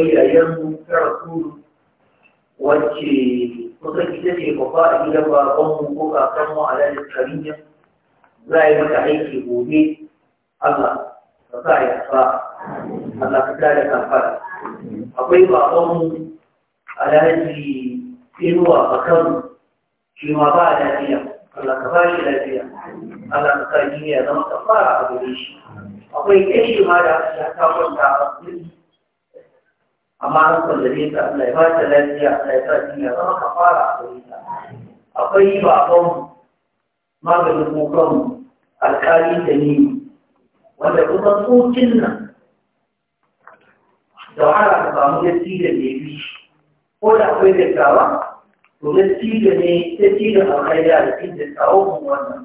akwai yayan karatu wacce kusan ita ce babba a gidan babanmu ko kakanmu a lalin kariya za a yi mata aiki gobe Allah ka sa ya fa Allah ka da kafara akwai babanmu a lalin inuwa a kan shi ma ba lafiya Allah ka ba shi lafiya Allah ka sa jini ya zama kafara a gare shi akwai kashi ma da aka ta kwanta a asibiti amma an kwallabe ta Allah ya ba ta lafiya Allah ya sa shi ya zama kafara a gare ta akwai baban maganin kukan alkali da ni wanda kusan tsokin nan da wahala ka samu gaski da bebi ko da akwai dattawa to gaski da ne ta cikin alkhairiya da cikin dattawa wannan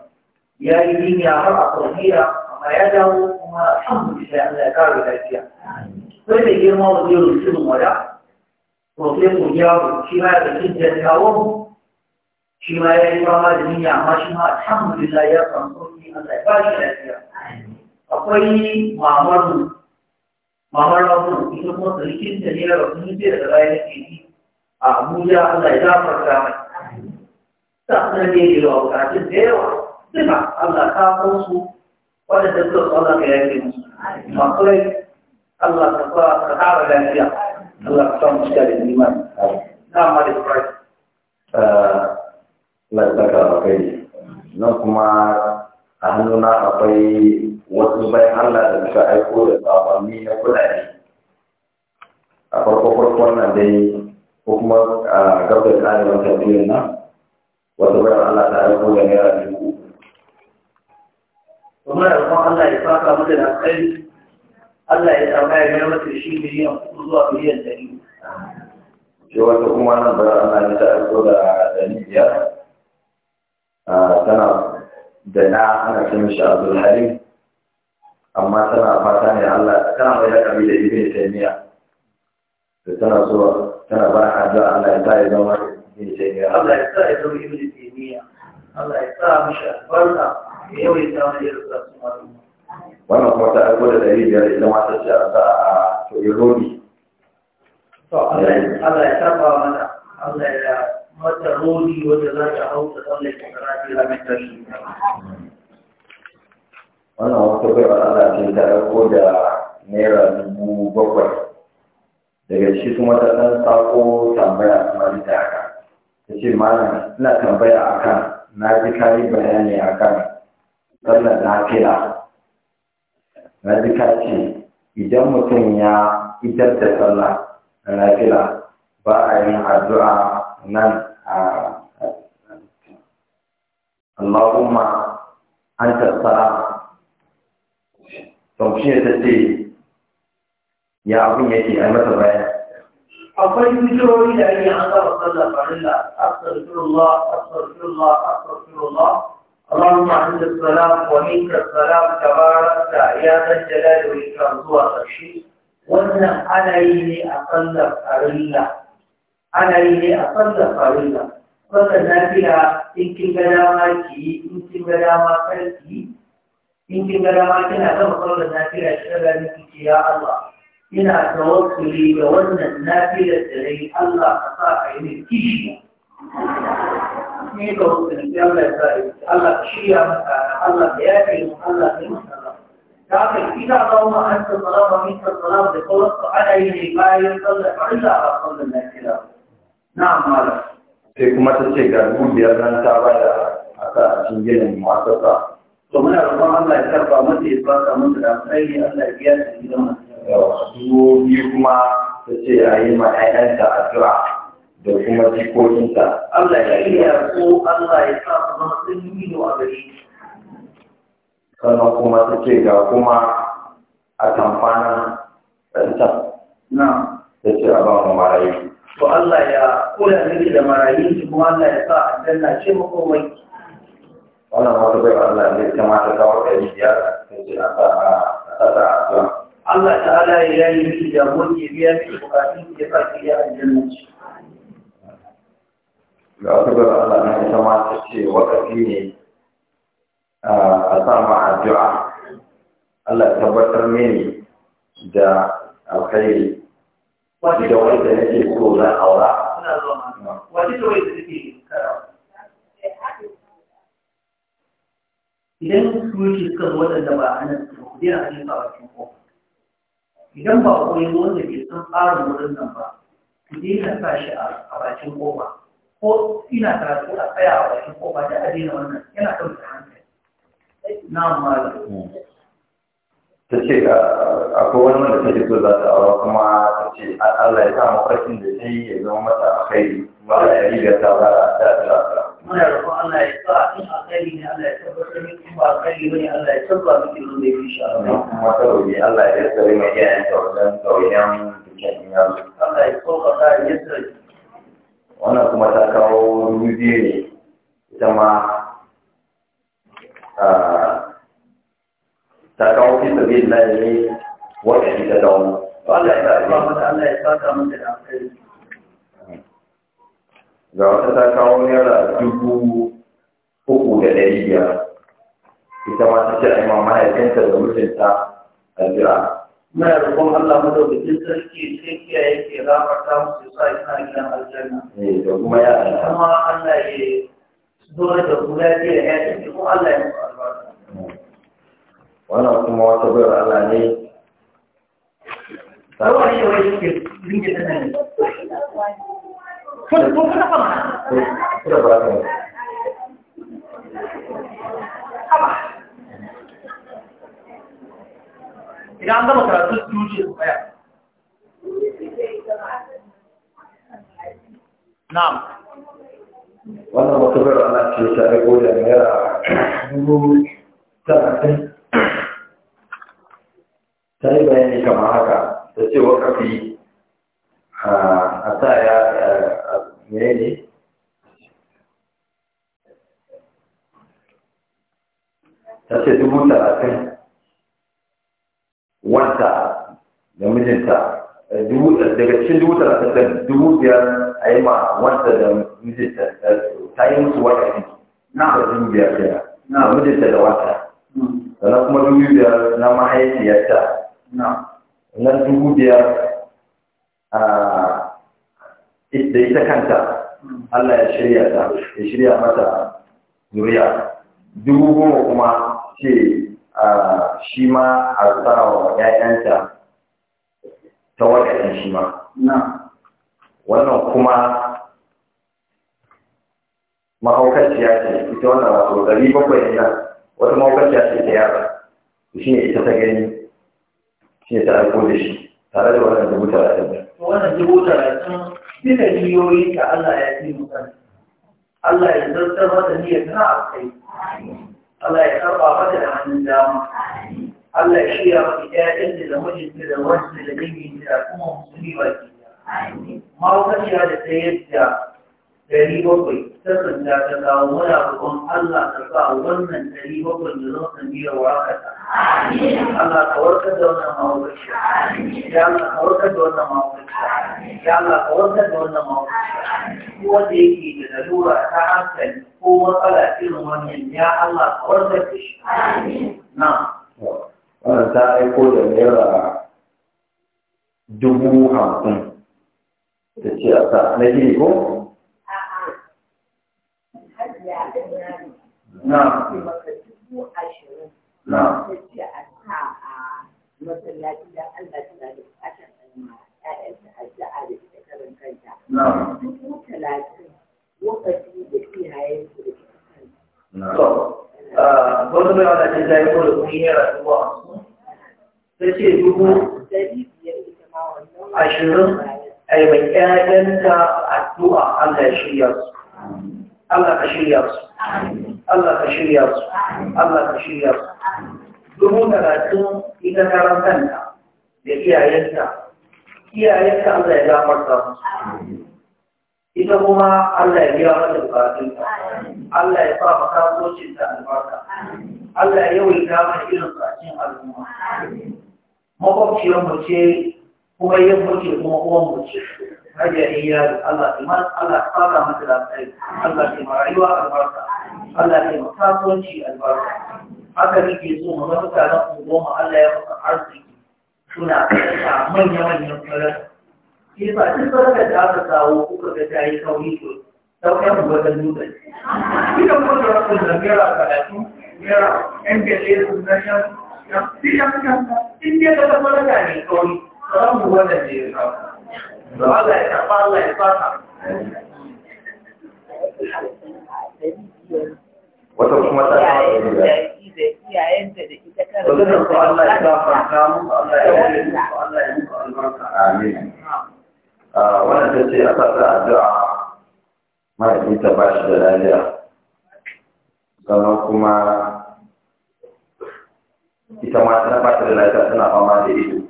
ya yi jinya har a saudiya amma ya dawo kuma alhamdulillah Allah ya kare lafiya akwai mai girma wa zai rusunin wada profesor yaro shi ma ya ɗauki dattawan shi ma ya yi fama da niyya amma shi ma alhamdulillah ya samu sauki Allah ya ba shi lafiya akwai mamar mamar rabu ita kuma sarkin ta ne ya rabu ne da baya ya ke a Abuja Allah ya zafarta mai sannan ne wa da yawa duka Allah ta san su waɗanda suka tsallaka ya ke Allah ka sa ka Allah ka sa da iman na ma Christ eh, Allah ya saka a kai nan kuma a hannuna akwai wasu bayan Allah da suka aiko da sabonni na kudade a farko farkon nan dai ko kuma a gaba da karewar Allah ta aiko da naira dubu. Kuma kuma Allah ya saka mutu da Allah ya samu ya gina masa shi miliyan uku zuwa miliyan ɗari. Ke wata kuma nan ba ana yi ta aiko da ɗari biyar? Tana da na ana ce mishi Abdul Halim. Amma tana fata ne Allah tana mai da kabi da Ibn Taymiya. Da tana so tana ba addu'a Allah ya sa ya zama Ibn Taymiya. Allah ya sa ya zama Ibn Taymiya. Allah ya sa mishi albarka. Yau ya samu ya rasa su wannan kuma ta aiko da dari biyar idan wata ce a ta a toyoyomi to Allah ya wa mana Allah ya mata rodi wanda za ta hau ta tsalle ta karafi da ramin tashi wannan wata bai wa Allah ce ta aiko da naira dubu bakwai daga shi kuma ta ɗan sako tambaya kuma duk ta haka ta ce malam ina tambaya akan na ji kayi bayani akan sannan na fila na ji ka ce idan mutum ya idar da sallah na fila ba a yin addu'a nan a Allahumma anta salam to ya ta ce ya abin yake a masa bayan akwai bidiyoyi da ake an saba sallah farilla astaghfirullah astaghfirullah astaghfirullah اللهم عند السلام ومنك السلام تبارك يا ذا الجلال والإكرام زوا تشي wannan ana yi ne ne a sallar farilla sallar lafiya in kin ga kina gama sallar lafiya ki ga ya ina ga wannan lafiyar da nayi Allah ka sa a yi kishi ne ga mutum sai Allah ya tsare Allah ya shirya maka Allah ya yafe mu Allah ya mutu da haka idan Allahumma anta salam wa minka salam da kawai su ana yi ne bayan sallar farilla a sallar lafiya na'am malam sai kuma ta ce ga dubiyar nan ta bada aka cikin ginin mu'assasa to muna roƙon Allah ya karba mata ya baka mata da alheri Allah ya biya ta gidan masu yawa su biyu kuma ta ce a yi ma 'ya'yanta addu'a da kuma jikokinsa Allah ya iya so Allah ya sa su zama sun yi ido a gari sannan kuma ta ce ga kuma a tamfana ɗanta na ta ce a ba marayu to Allah ya kula miki da marayun ki kuma Allah ya sa a danna ce makomai wannan wata bai Allah ne ta mata kawo ɗari biyar ta ce a sa a sa Allah ta'ala ya yi miki da ke biya miki bukatun ki ya sa ki yi aljanna ce ga wasu gaba Allah na ita ma ta ce wakafi ne a sama addu'a Allah tabbatar mini da alkhairi da wanda nake so na aura da wanda idan suke suka zo waɗanda ba a nan da kudi a cikin ba cikin idan ba ko wanda ke san tsarin wurin nan ba ku daina sa shi a bakin kofa ko ina karatu a tsaya a bakin ko ba da adina wannan yana ta hankali na malam ta ce akwai wani wanda take so za ta aura kuma ta ce Allah ya sa mafarkin da ta yi ya zama mata a kai ba a yi da ta ba ta ta muna roƙon Allah ya sa in a kai ne Allah ya tabbatar min in ba kai ne Allah ya tabbata miki don da yake sha Allah kuma ta roƙi Allah ya tsare mai yayin ta wajen tauyen bikin yaro Allah ya sauka ta ya tsare wannan kuma ta kawo dubu ne ita ma ah, ta kawo fi sabi da ne wata shi ta dawo Allah ya sa mata Allah ya ta mata da alkhairi ga wata ta kawo naira dubu uku da ɗari biyar ita ma ta ce a yi mamaya da mutunta a jira muna roƙon Allah madaukakin sarki sai kiyaye ke rafarta musu sa ina gidan aljanna da eh, kuma ya kuma Allah ya dole da kula da ya yi kuma Allah ya musu albarka hmm. wannan kuma wata bayar Allah ne ne ta nan. Kuma kuma kuma. Kuma kuma. idan an gama karatu su wuce su tsaya na'am wannan wata bayar ana ce ta aiko da naira dubu talatin dubu biyar a yi ma wanda da mijinta ta yi musu wata ne na da dubu biyar biyar na mijinta da wata hmm. sannan kuma dubu biyar na mahaifiyarta na dubu biyar a da ita kanta hmm. Allah ya shirya ta ya shirya mata zuriya dubu goma kuma ce shi ma a tsara wa ‘ya'yanta ta wata shi ma. wannan kuma mahaukaciya ce ita wannan wato ɗari bakwai ne nan wata mahaukaciya ce ta yara shi ne ita ta gani shi ne ta aiko da shi tare da wannan dubu talatin da. wannan dubu talatin bisa niyoyi da Allah ya fi mutane Allah ya zartar mata niyyar ta a kai Allah ya karɓa mata da hannun dama Allah ya shirya mata ƴaƴan da da mijinta da wasu da danginta da kuma musulmi baki mahaukaciya da ta yadda dari bakwai ta sanda ta kawo muna roƙon Allah ta sa wannan dari bakwai da zan san biya warakata. Allah ka warkar da wannan mahaukaciya. Ya Allah ka warkar da wannan mahaukaciya. Ya Allah ka warkar da wannan Ko Wanda yake da lalura ta hankali ko matsala irin wannan ya Allah ka warkar da shi. Na. Wannan ta aiko da naira dubu hamsin. ta ce a sa na gini ko? na na masallaci da Allah ta da bukatar ɗanma ‘ya'yanta addu'a da ita karin Dubu talatin lokaci da iyayen su da ita kanta. Wata mai wata ce ta yi kola kuɗi naira dubu hamsin. Ta ce dubu. Ashirin. ai mai ƴaƴanta addu'a Allah ya shirya su Allah ka shirya su Allah ka shirya su Allah ka shirya su dubu talatin ita karan kanta da iyayenta iyayenta Allah ya gafarta musu ita kuma Allah ya biya mata bukatun Allah ya sa maka kocin ta albarka Allah ya yawaita mana irin tsakin al'umma makwabciyar mu ce kuma yin muke kuma kuma muke hajiya iya Allah iman Allah tsara mata da tsayi Allah ke marayuwa albarka Allah ke makasuwanci albarka haka nake so mu ga mutanen unguwa Allah ya fasa arziki suna kasa manya-manyan farar shi ba duk farar da aka kawo kuka ga ta yi kauri to sauƙin wajen dutse idan kuma da wasu da mera karatu mera yan gale su na shan yan fiye da ta farar da ne kauri samu ah, ce a addu'a mahaifinta ba da lafiya kuma ita ma da fama da ido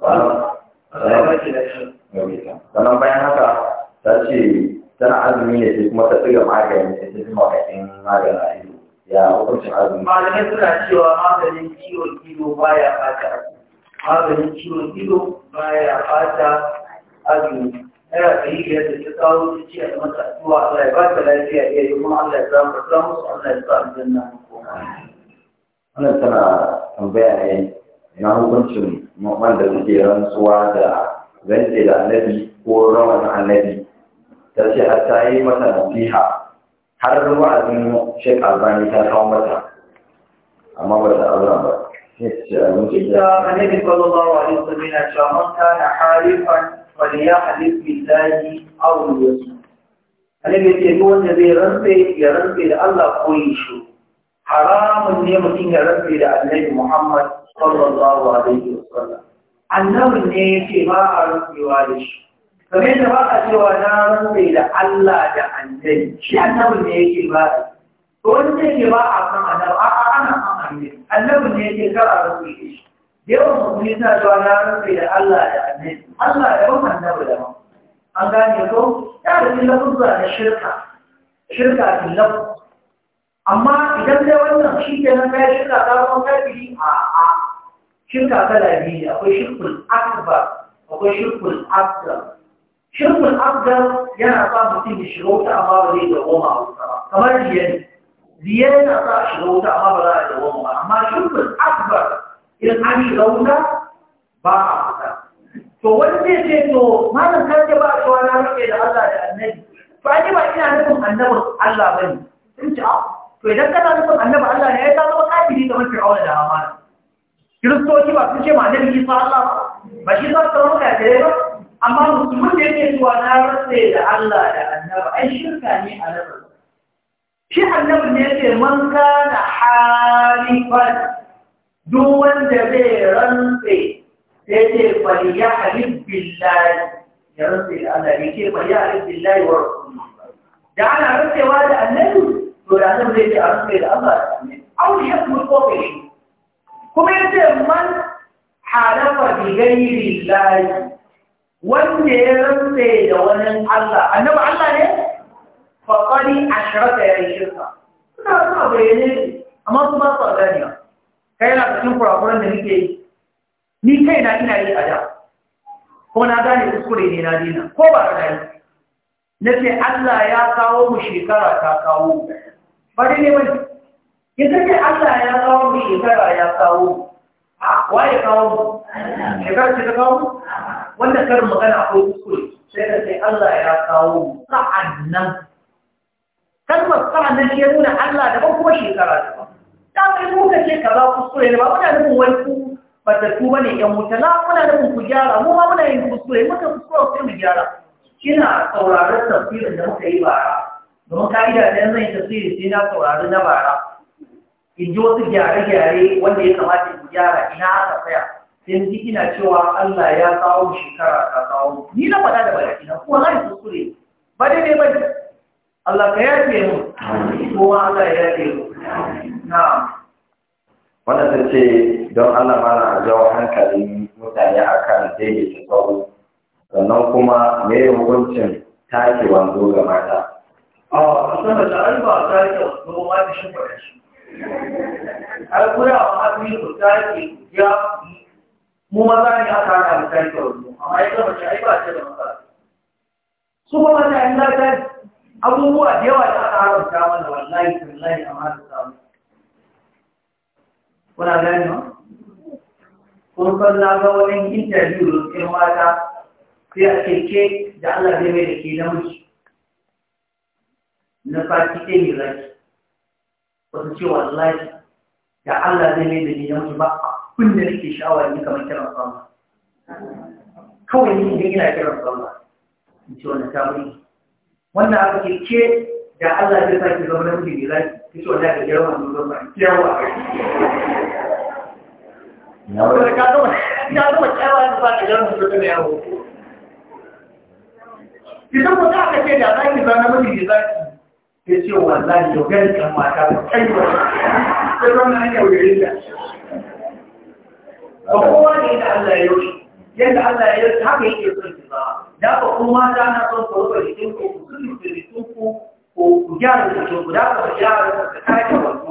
sannan bayan haka ta ce tana azumi ne sai kuma ta tsiga magani sai ta fi makasin magani a ido ya hukuncin azumi malamai suna cewa maganin ciwon ido baya fata maganin ciwon ido baya fata azumi yana da yi yadda ta kawo ta ce a mata addu'a Allah ya ba ta lafiya iya yi kuma Allah ya samu ka samu su Allah ya sa aljanna wannan tana tambaya ne na hukuncin wanda suke rantsuwa da zance da annabi ko rawan annabi ta ce a ta yi mata nasiha har wa'azin shek albani ta kawo mata amma ba ta aura ba إذا النبي صلى الله عليه وسلم قال من كان حالفا فليحلف بالله أو ليصمت annabi ce duk wanda zai annabin ne ya ce ba a rantsewa da shi kamar yadda ba a cewa na rufe da Allah da annabi shi annabin ne ya ce ba a to wani zai ce ba a kan annabi a'a ana kan annabi annabin ne ya ce kar a rufe da shi yawan mutum yana cewa na rufe da Allah da annabi Allah da ban annabi da ban an gane ko ya da cikin lafuzza na shirka shirka cikin lafuzza amma idan dai wannan shi ke nan kai shirka ta zama kafiri a'a shirka kala biyu akwai shirkul akbar akwai shirkul abdar shirkul abdar yana sa mutum ya shiga wuta amma ba zai goma a wuta ba kamar riya riya yana sa a shiga wuta amma ba za a da goma ba amma shirkul akbar in an shiga wuta ba a wuta to wani zai ce to malam kan ce ba a cewa na rike da Allah da annabi to ai ba ina nufin annabin Allah bane in ce ah, to idan kana nufin annabi Allah ne ya yi zama kafiri kamar Fir'auna da Hamana ان كريستوس يبقى ما نبي يسوع الله ما شيء صار ترى ما كذب أما مسلم يبقى يسوع نارس إلى الله لأنه أي شيء كان يعرف شيء من كان حالفا دون تبيران في تيجي فليا حليف بالله يرسل الله يجي فليا حليف بالله ورسوله جعل عرفت وهذا النبي ولا نبي يرسل الله أو يحكم الكوفي kuma ya ce man halafa bi gairi lahi wanda ya rantse da wani Allah Annaba Allah ne a shirata ya yi shirka suna suna bayyane amma su ba su a ba kai na cikin kurakuran da nike ni kai na ina yi a da kuma na gane kuskure ne na dina ko ba na yi na ce Allah ya kawo mu shekara ta kawo ba dai ne bane ita ce Allah ya kawo mu shekara ya kawo wa ya kawo mu shekara ce ta kawo mu wanda karin magana ko kuskure sai da sai Allah ya kawo mu sa'annan kalmar sa'annan shi ya nuna Allah daban kuma shekara ba. ta kai muka ce kaza kuskure ne ba muna nufin wani ku batattu bane yan wuta na muna nufin ku gyara mu ma muna yin kuskure muka kuskure sai mu gyara kina sauraron tafsirin da muka yi bara domin ka'ida da zan yi tafsiri sai na sauraron na bara in ji wasu gyare-gyare wanda ya kamata ku gyara ina aka tsaya sai ji ina cewa Allah ya kawo shekara ka kawo ni na faɗa da baki na ko na yi kure? ba dai ba Allah ka yafe mu kuma Allah ya yafe mu na wanda ta ce don Allah mana a jawo hankali mutane kan daidaita tsawo, sannan kuma me hukuncin take wanzo ga mata ah, a sanar da alba ta yi wanzo ma da shi a wa azumi ku tashi mu maza ne aka hana mu amma ba da su ta abubuwa da yawa aka haramta mana wallahi amma kuna gani ma kun san na wani sai a keke da Allah zai mai da ke namiji na fati wasu ce wallahi da Allah zai mai da ni yanzu ba abin da nake sha'awa ne kamar kiran sallah kawai ni idan ina kiran sallah in ce wannan ta bari wanda aka ke ke da Allah zai sa ki zama namiji ne za ki ce wannan da yawa ne zama yawa Saboda ka zama kyawa da ba ka yawan mutum da yawo. Idan mutum aka ce da za ki zama namiji ne za ya ce wallahi yau gani kan mata ta kai wa sai wannan an yaudare ta ba kowa ne da Allah ya yi yadda Allah ya yi haka yake son ki ba da ba kuma ta na son ku rufe jikin ku ku sun rufe jikin ku ku gyara jikin ku da ba ku gyara ku ta kake wato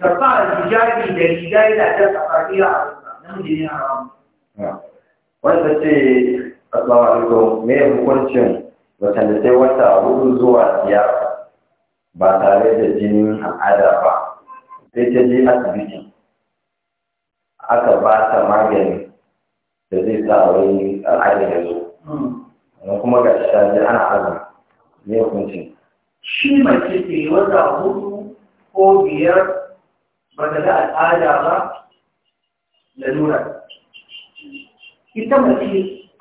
karfa hijabi da hijabi da ta safariya a namiji ne haramu wanda ce assalamu alaikum me hukuncin wata da sai wata hudu zuwa biyar ba tare da jinin al'ada ba sai ta je asibiti aka ba ta magani da zai sa wani al'ada ya zo sannan hmm. kuma ga shi ta je ana azumi ne hukunci shi mace ce wata hudu ko biyar ba ta ga al'ada ba lalura ita mace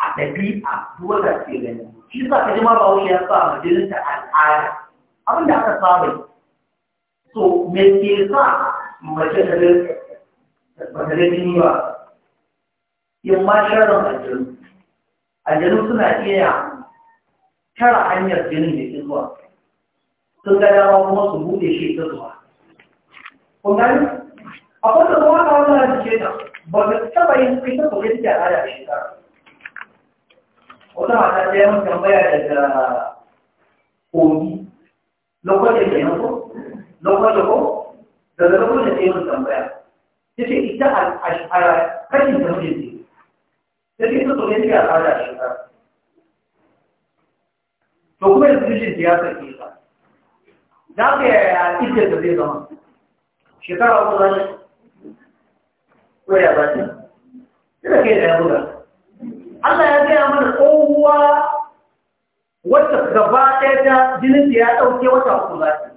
a ɗabi'a duwata ce gani shi sa ka ji ma ba wani ya sa majalinta al'ada abin da aka samu so me ke sa mace ta ba ta da jini ba yin ma sharar aljanu aljanu suna iya tara hanyar jinin da ke zuwa sun ga dama kuma su bude shi ta zuwa kun gani akwai da zuwa ta wani da ke ta ba ta taba yin kai ta kwaye suke a da shekara wata mata ta yi mun tambaya daga kogi lokacin da yanzu lokacin ko daga lokacin da yanzu tambaya ta a kashin da ita tsoron ta al'ada a shekara to kuma yanzu mijin ta ya sarki ta za ka yaya ita da zai zama shekara uku za shi ko ya ba shi ke da ya buga Allah ya gaya mana kowa oh, Wata gaba ɗaya ta jinin da ya ɗauke wata uku za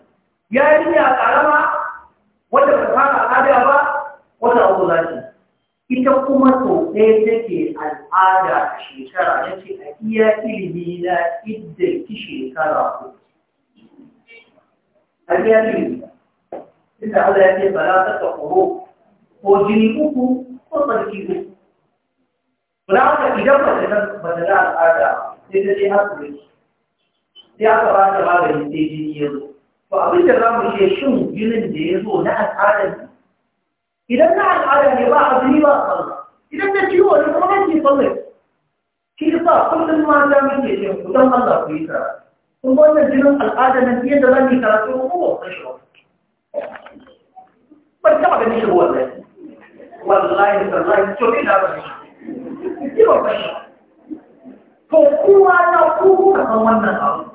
ya yi ya ƙarama wacce ba fara al'ada ba wata uku za ita kuma sau ɗaya take al'ada a shekara na ce a iya ilimi na idda ki shekara ko a iya ilimi inda Allah ya ce ba za ta ta koro ko jini uku ko tsarki uku. Kuna haka idan ba ta al'ada sai ta ce haƙuri sai aka ba ta magani sai jini ya zo to abin da za mu iya shin jinin da ya zo na al'adar ne idan na al'adar ne ba azumi ba sallah idan na ciwo ne kuma kake sallah shi yasa kullum mata muke ce ku dan Allah ku yi karatu kun wannan jinin al'adar nan yadda zan yi karatu ko ba san shi ba ban taɓa ganin shi wannan wallahi sallahi to ina ba shi ba shi to kowa na ku kuka san wannan abu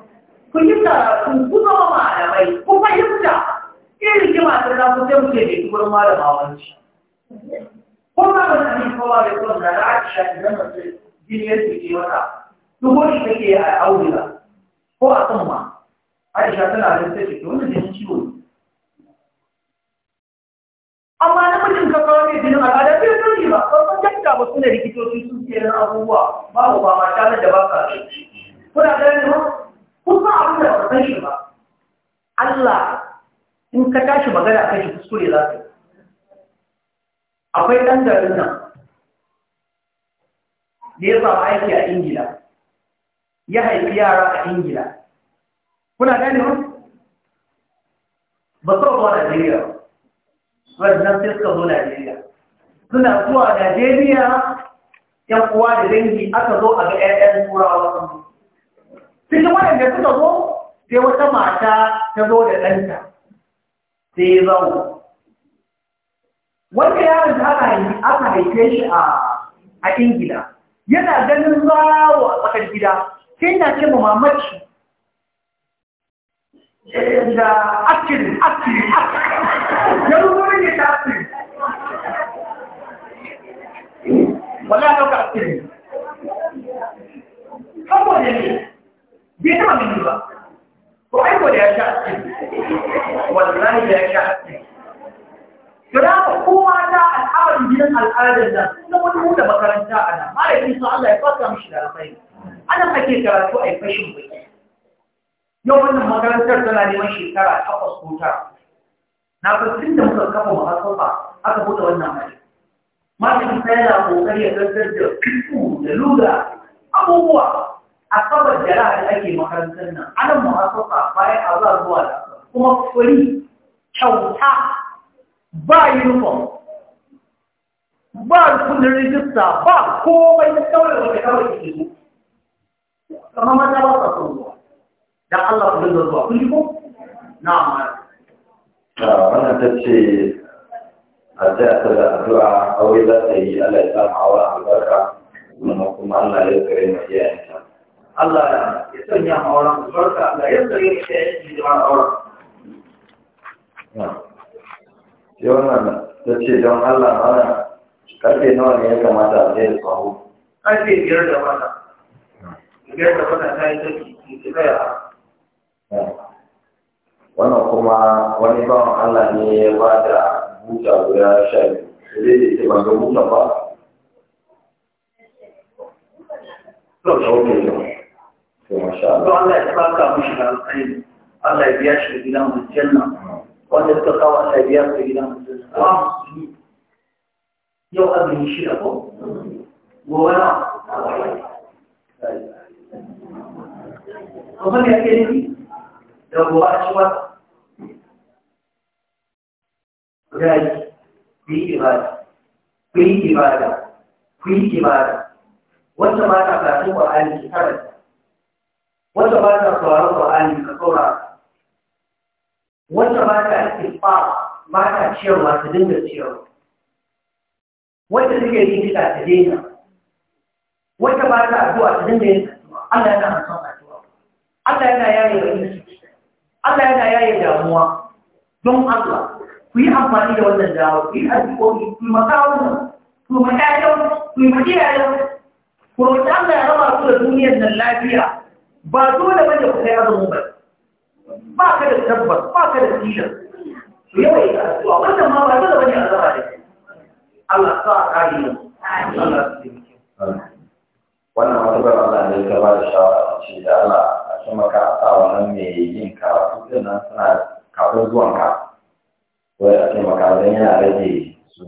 ku yi karatu ku zama kuma ku fahimta irin rigima ta za ku sai mu da ikuwar malama wanci ko ma ba sani kowa da kuma da na aisha idan mace jiniyar su ke wata duhuri take a aurila ko a kan ma aisha tana da ta ce wanda jini ciwo amma na mutum ka kawo ne jinin al'ada bai sani ba ko kun janta ba suna rikitoci sun ce abubuwa babu ba ma tare da ba ka kuna ganin kun san abin da ba san shi ba Allah in ka tashi magana kan shi kuskure za ka yi akwai ɗan garin nan da ya samu aiki a ingila ya haifi yara a ingila kuna gane ba ba su zuwa najeriya wadannan sai suka zo najeriya suna zuwa najeriya yan uwa da dangi aka zo a ga 'ya'yan turawa sun cikin waɗanda suka zo sai wata mata ta zo da ɗanta sai ya zauna wanda yaron da aka haife shi a ingila yana ganin zawo a tsakar gida sai na ce mamaci da akirin akirin akirin ya ruburin ya ta akirin wala ya ɗauka akirin saboda ne bai taba gani ba ko aiko da ya sha wallahi da ya sha Kira kowa ta al'adar gidan al'adar da na wani buɗe makaranta a nan, malamin su Allah ya fasa mishi da alfai. Ana ake karatu a yi fashin bai. Yau wannan makarantar tana neman shekara takwas ko tara. Na farkin da muka kafa mahaifafa aka bude wannan mai. Malamin sai yana kokari ya zartar da kiku da luga abubuwa a kabar jara da ake makarantar nan ana mu'asasa bayan a zuwa zuwa da kuma furi kyauta ba uniform ba kudin rijista ba komai na kawai wata kawai ke zo kamar mata ba sa son zuwa dan Allah ku dinga zuwa kun ji ko na amma ah, wannan ta ce a ta a zuwa addu'a aure za ta yi Allah ya sa mu aure albarka kuma Allah ya kare mu iyayen Allah ya sanya auren albarka ga yadda ya ce ya yi auren. wannan ta ce don Allah mana karfe nawa ne ya kamata a zai da biyar da wata. ta yi sarki kuma wani Allah ne ya ba da buta guda sha ita ga buta ba. Zan ما شاء الله الله يتبارك مشي على الخير الله يبيشري لهم الجنة وأن التقوى الله يبيشري لهم الجنة يو أبني شيء أبو ولا ومن يكلمني لو وأنت ما تعرفه عن Wata ba ta sauraron Qur'ani ka saurara wata ba ta istifa ba ta ciyarwa ta dinga ciyarwa wata suke yi kiɗa ta daina wata ba ta addu'a ta dinga yin addu'a Allah yana son addu'a Allah yana yaye bakin ciki Allah yana yaye damuwa don Allah ku yi amfani da wannan dawo ku yi addu'o'i ku yi makawunan ku yi makayan ku yi makiyayen ku roƙi Allah ya raba ku da duniyar nan lafiya ba dole bane ku kai azumin ba ba ka da tabbas ba ka da tilas yawai addu'a wannan ma ba dole bane azaba da Allah sa a kare mu Allah su taimake wannan wata bar Allah ne ka ba da shawara ce da Allah a maka a sa wannan mai yin karatu din nan suna kafin zuwan ka wai a maka don yana rage su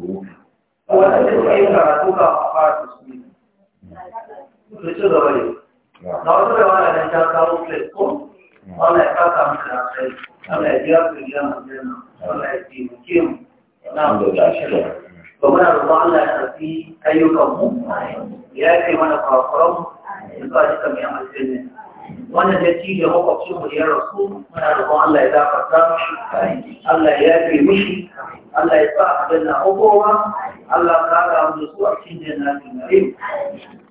wanda suke yin karatu kafin fara su ne. Mutu ci gaba ne. na wasu mm. e e mm. e da a da ta kawo plate ko wanda da kai wanda ya biya su biya muna roƙon Allah ya tafi ayyukan mu ya wannan da ci da mu ya rasu muna roƙon Allah ya zafarta Allah ya yafe mishi Allah ya sa a danna hukowa Allah mu da su a cikin jannatin